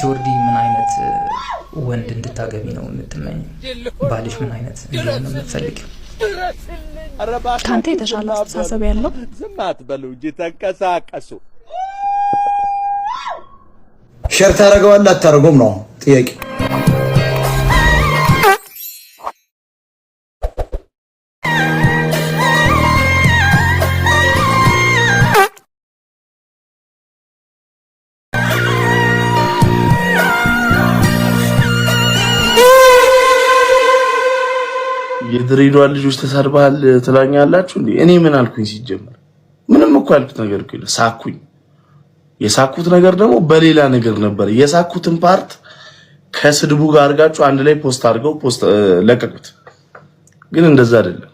ጆርዲ ምን አይነት ወንድ እንድታገቢ ነው የምትመኝ? ባልሽ ምን አይነት እንዲሆን ነው የምትፈልግ? ከአንተ የተሻለ አስተሳሰብ ያለው ዝም አትበሉ እንጂ ተንቀሳቀሱ። ሸር ታደርገዋለህ አታደርጉም ነው ጥያቄ የድሬዳዋ ልጆች ተሳድበሃል ትላኛላችሁ እንዴ? እኔ ምን አልኩኝ? ሲጀመር ምንም እኮ ያልኩት ነገር እኮ ሳኩኝ። የሳኩት ነገር ደግሞ በሌላ ነገር ነበር። የሳኩትን ፓርት ከስድቡ ጋር አድርጋችሁ አንድ ላይ ፖስት አድርገው ፖስት ለቀቁት። ግን እንደዛ አይደለም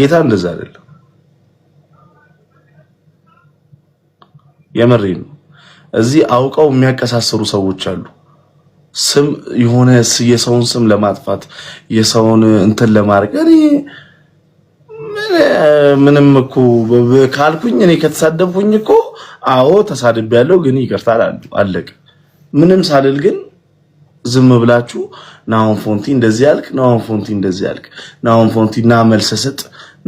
ጌታ፣ እንደዛ አይደለም። የመሬ ነው። እዚህ አውቀው የሚያቀሳስሩ ሰዎች አሉ። ስም የሆነ የሰውን ስም ለማጥፋት የሰውን እንትን ለማድረግ እኔ ምንም እኮ ካልኩኝ እኔ ከተሳደብኩኝ እኮ አዎ ተሳድብ ያለው ግን ይቅርታ አለቅ ምንም ሳልል ግን ዝም ብላችሁ ናሆም ፎንቲ እንደዚህ ያልክ፣ ናሆም ፎንቲ እንደዚህ ያልክ፣ ናሆም ፎንቲ ና መልስ ስጥ፣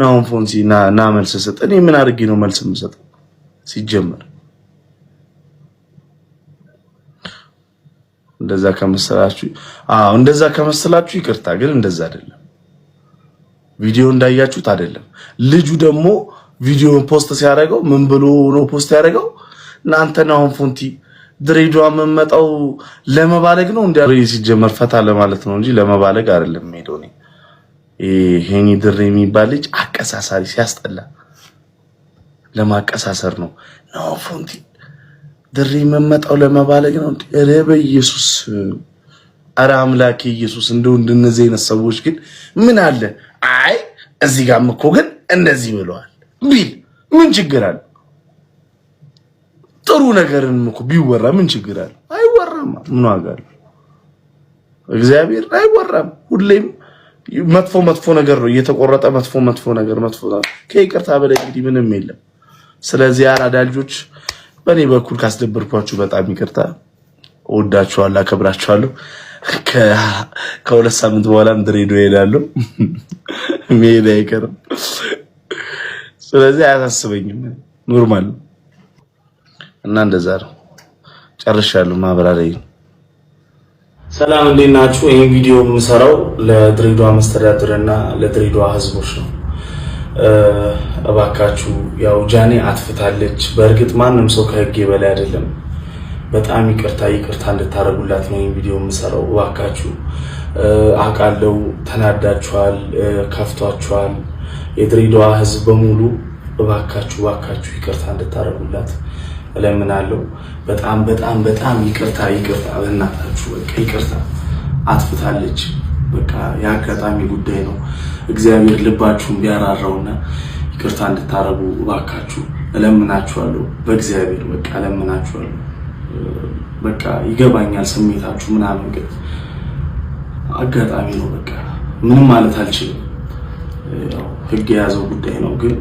ናሆም ፎንቲ ና መልስ ስጥ። እኔ ምን አድርጌ ነው መልስ የምሰጠው ሲጀመር? እንደዛ ከመሰላችሁ አዎ፣ እንደዛ ከመሰላችሁ ይቅርታ፣ ግን እንደዛ አይደለም። ቪዲዮ እንዳያችሁት አይደለም። ልጁ ደግሞ ቪዲዮ ፖስት ሲያደርገው ምን ብሎ ነው ፖስት ያደርገው? እናንተን አሁን ፎንቲ ድሬዳዋ የምመጣው ለመባለግ ነው እንዴ? ሲጀመር ፈታ ለማለት ነው እንጂ ለመባለግ አይደለም የምሄደው እኔ። ይሄኒ ድሬ የሚባል ልጅ አቀሳሳሪ ሲያስጠላ ለማቀሳሰር ነው ነው ፎንቲ ድሪ መመጣው ለመባለግ ነው። ኧረ በኢየሱስ ኧረ አምላኬ ኢየሱስ እንደው እንደነዚህ አይነት ሰዎች ግን ምን አለ አይ እዚህ ጋርም እኮ ግን እንደዚህ ብለዋል ቢል ምን ችግር አለ? ጥሩ ነገርን እኮ ቢወራ ምን ችግር አለ? አይወራም። ምን ዋጋ አለ? እግዚአብሔር አይወራም። ሁሌም መጥፎ መጥፎ ነገር ነው እየተቆረጠ መጥፎ መጥፎ ነገር መጥፎ ከይቅርታ በላይ እንግዲህ ምንም የለም። ስለዚህ አራዳ ልጆች በእኔ በኩል ካስደበርኳችሁ በጣም ይቅርታ። እወዳችኋለሁ፣ አከብራችኋለሁ። ከሁለት ሳምንት በኋላም ድሬዳዋ እሄዳለሁ፣ መሄድ አይቀርም። ስለዚህ አያሳስበኝም፣ ኖርማል እና እንደዛ ነው። ጨርሻለሁ ማብራሪያ። ሰላም እንዴት ናችሁ? ይህ ቪዲዮ የምሰራው ለድሬዳዋ መስተዳድርና ለድሬዳዋ ህዝቦች ነው። እባካችሁ ያው ጃኔ አትፍታለች። በእርግጥ ማንም ሰው ከህግ በላይ አይደለም። በጣም ይቅርታ ይቅርታ እንድታደርጉላት ነው ይህን ቪዲዮ የምሰራው። እባካችሁ አውቃለሁ፣ ተናዳችኋል፣ ከፍቷችኋል። የድሬዳዋ ህዝብ በሙሉ እባካችሁ እባካችሁ ይቅርታ እንድታደርጉላት እለምናለሁ። በጣም በጣም በጣም ይቅርታ ይቅርታ፣ በእናታችሁ በቃ ይቅርታ። አትፍታለች፣ በቃ የአጋጣሚ ጉዳይ ነው። እግዚአብሔር ልባችሁን ቢያራራውና ይቅርታ እንድታረጉ እባካችሁ እለምናችኋለሁ። በእግዚአብሔር በቃ እለምናችኋለሁ። በቃ ይገባኛል ስሜታችሁ ምናምን፣ ግን አጋጣሚ ነው በቃ ምንም ማለት አልችልም። ህግ የያዘው ጉዳይ ነው፣ ግን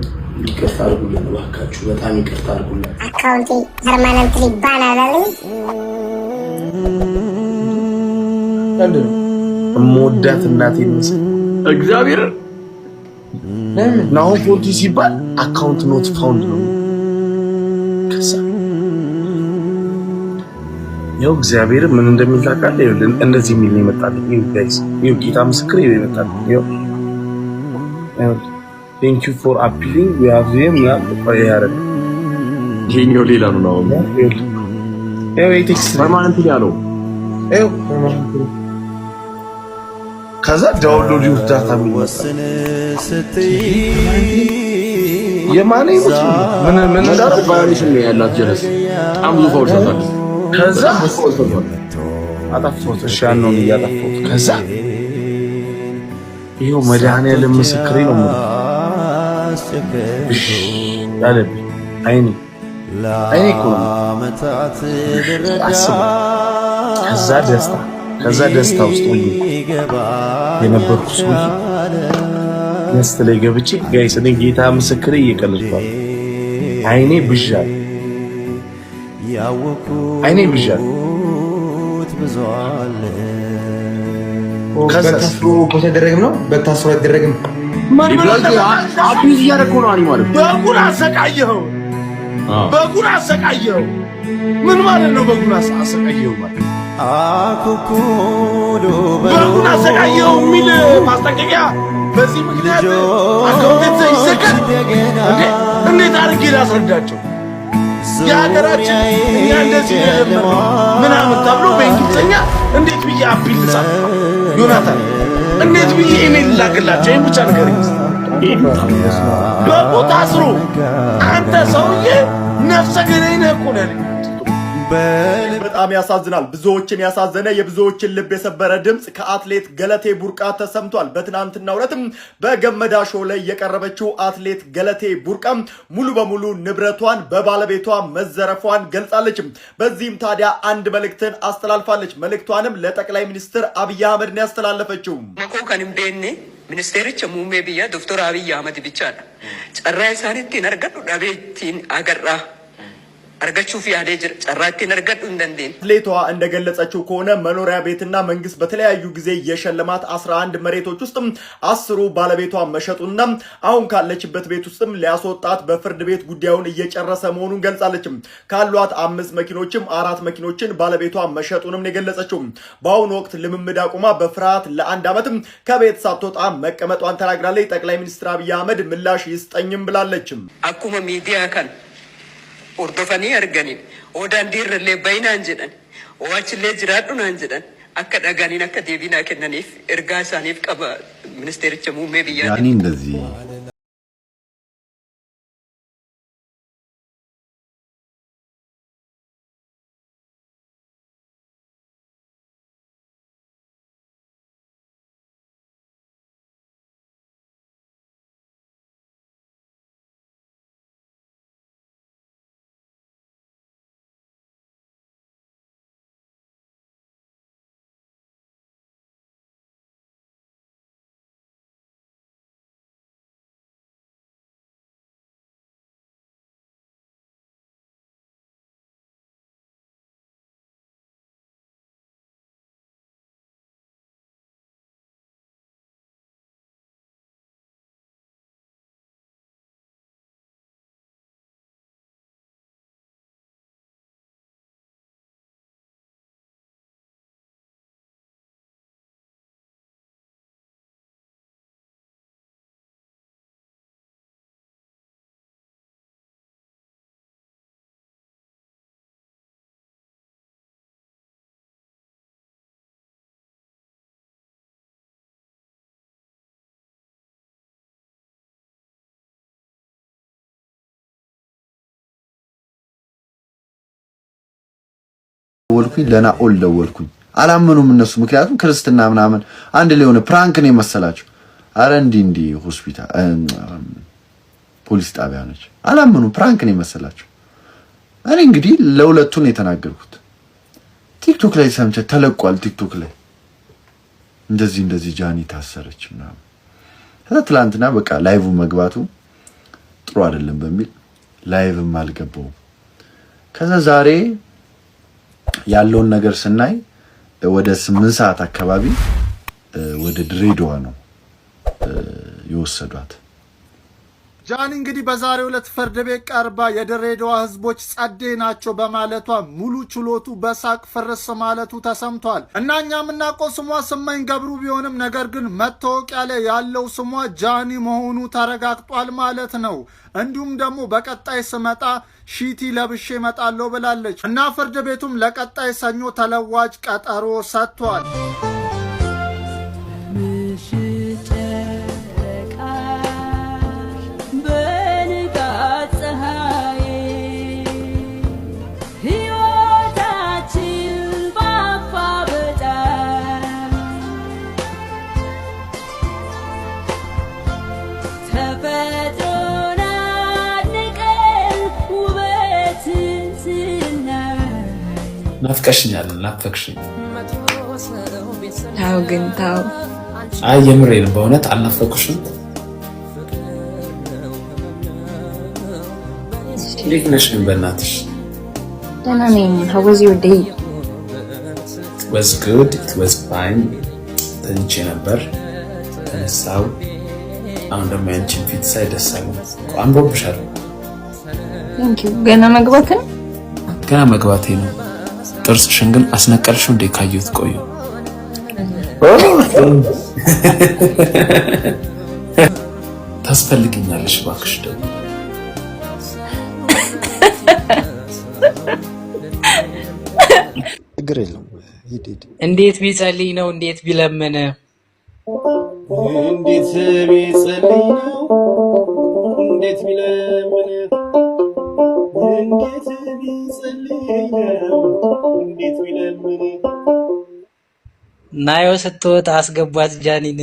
ይቅርታ አድርጉልን እባካችሁ፣ በጣም ይቅርታ አድርጉልን። አካውንቴ ፐርማነንት ይባላል እምወዳት እናቴ እግዚአብሔር ናሁን ፎርቲ ሲባል አካውንት ኖት ፋውንድ ነው። ከዛ ያው እግዚአብሔር ምን እንደሚል ታውቃለህ? እንደዚህ የሚል ነው የመጣልኝ። ይኸው ጋይስ፣ ይኸው ጌታ ምስክር ነው የመጣልኝ። ይኸው ቴንክ ዩ ፎር አፒሊንግ ዊ ሃቭ ሂም ያ ቆይ ያረግ ይሄኛው ሌላ ነው ነው ይሄ ቴክስት ሃይማኖት ያለው ይኸው ከዛ ዳውንሎድ ዳታ የማኔ ምን ይኸው መድኃኒዓለም ምስክሬ ነው አይኔ አይኔ እኮ ነው ከዛ ደስታ ከዛ ደስታ ውስጥ ሁሉ የነበርኩ ሰው ደስት ላይ ገብቼ ጋይስ፣ እኔ ጌታ ምስክሬ እየቀለድኳል። አይኔ ብዣል፣ አይኔ ብዣል። በታስሮ አይደረግም ነው፣ በታስሮ አይደረግም። አቢዝ እያደረኩ ነው አኒ በጉን አሰቃየኸው፣ በጉን አሰቃየኸው። ምን ማለት ነው? በጉን አሰቃየኸው ማለት አኩኩሉ በሩን አዘጋየው የሚል ማስጠንቀቂያ በዚህ ምክንያት አካውንት ሳይዘጋል እንዴት አድርጌ ላስረዳቸው? የሀገራችን እኛ እንደዚህ ምናምን ተብሎ በእንግሊዝኛ እንዴት ብዬ አፒል ልጻፍ? ዮናታን እንዴት ብዬ ኢሜል ላክላቸው? ይህን ብቻ ነገር በቦታ አስሮ አንተ ሰውዬ ነፍሰ ገዳይ ነህ እኮ ነህ በል። በጣም ያሳዝናል። ብዙዎችን ያሳዘነ የብዙዎችን ልብ የሰበረ ድምፅ ከአትሌት ገለቴ ቡርቃ ተሰምቷል። በትናንትና ውለትም በገመዳ ሾው ላይ የቀረበችው አትሌት ገለቴ ቡርቃ ሙሉ በሙሉ ንብረቷን በባለቤቷ መዘረፏን ገልጻለች። በዚህም ታዲያ አንድ መልእክትን አስተላልፋለች። መልእክቷንም ለጠቅላይ ሚኒስትር አብይ አህመድ ነው ያስተላለፈችው። ከንምዴኔ ሙሜ ብያ ዶክተር አብይ አህመድ ብቻ ጨራ ሳኒቲን አርገዱ ዳቤቲን አገራ አርገቹ ፊያዴ ጨራቲ ነርገዱ እንደንዴን ሌቷ እንደገለጸችው ከሆነ መኖሪያ ቤትና መንግስት በተለያዩ ጊዜ የሸለማት 11 መሬቶች ውስጥም አስሩ ባለቤቷ መሸጡና አሁን ካለችበት ቤት ውስጥም ሊያስወጣት በፍርድ ቤት ጉዳዩን እየጨረሰ መሆኑን ገልጻለችም። ካሏት አምስት መኪኖችም አራት መኪኖችን ባለቤቷ መሸጡንም የገለጸችው በአሁኑ ወቅት ልምምድ አቁማ በፍርሃት ለአንድ ዓመትም ከቤት ሳትወጣ መቀመጧን ተናግራለች። ጠቅላይ ሚኒስትር አብይ አህመድ ምላሽ ይስጠኝም ብላለችም። አኩመ ሚዲያ hordofanii arganiin odaandii irra illee bayinaan jedhan owaachillee jiraadhunaan jedhan akka dhaganiin akka deebiinaa kennaniif ergaa isaaniif qaba ministeericha muummee biyyaa. ደወልኩኝ፣ ለናኦል ደወልኩኝ። አላመኑም እነሱ ምክንያቱም ክርስትና ምናምን አንድ ላይ ሆነ ፕራንክ ነው የመሰላቸው። አረ እንዲህ እንዲህ ሆስፒታል ፖሊስ ጣቢያ ነች። አላመኑም፣ ፕራንክ ነው የመሰላቸው። እኔ እንግዲህ ለሁለቱን የተናገርኩት ቲክቶክ ላይ ሰምቼ ተለቋል። ቲክቶክ ላይ እንደዚህ እንደዚህ ጃኒ ታሰረች ምናምን ከዛ ትላንትና በቃ ላይቭ መግባቱ ጥሩ አይደለም በሚል ላይቭም አልገባውም። ከዛ ዛሬ ያለውን ነገር ስናይ ወደ ስምንት ሰዓት አካባቢ ወደ ድሬዳዋ ነው የወሰዷት። ጃኒ እንግዲህ በዛሬው ዕለት ፍርድ ቤት ቀርባ የድሬዳዋ ህዝቦች ጸዴ ናቸው በማለቷ ሙሉ ችሎቱ በሳቅ ፍርስ ማለቱ ተሰምቷል እና እኛ የምናውቀው ስሟ ስመኝ ገብሩ ቢሆንም ነገር ግን መታወቂያ ላይ ያለው ስሟ ጃኒ መሆኑ ተረጋግጧል ማለት ነው። እንዲሁም ደግሞ በቀጣይ ስመጣ ሺቲ ለብሼ እመጣለሁ ብላለች እና ፍርድ ቤቱም ለቀጣይ ሰኞ ተለዋጭ ቀጠሮ ሰጥቷል። ናፍቀሽኛል፣ ናፈቅሽኝ። ታው ግን ታው፣ አይ የምሬ ነው በእውነት አልናፈቅሽም። እንዴት ነሽ ግን በእናትሽ? ደህና ነኝ። how was your day? it was good it was fine ተኝቼ ነበር፣ ተነሳው። አሁን ደግሞ ያንቺን ፊት ሳይ ደስ አለኝ። አምሮብሻል። ገና መግባት ነው ገና መግባቴ ነው ጥርስሽን ግን አስነቀልሽው እንዴ? ካየሁት ቆዩ። ታስፈልግኛለሽ እባክሽ ደግሞ ችግር የለም። እንዴት ቢጸልይ ነው? እንዴት ቢለምን እንዴት ቢጸልይ ነው? እንዴት ቢለምን can get it easily እንዴት ቢለን ምን ናዮ ስትወጣ አስገቧት ጃኒን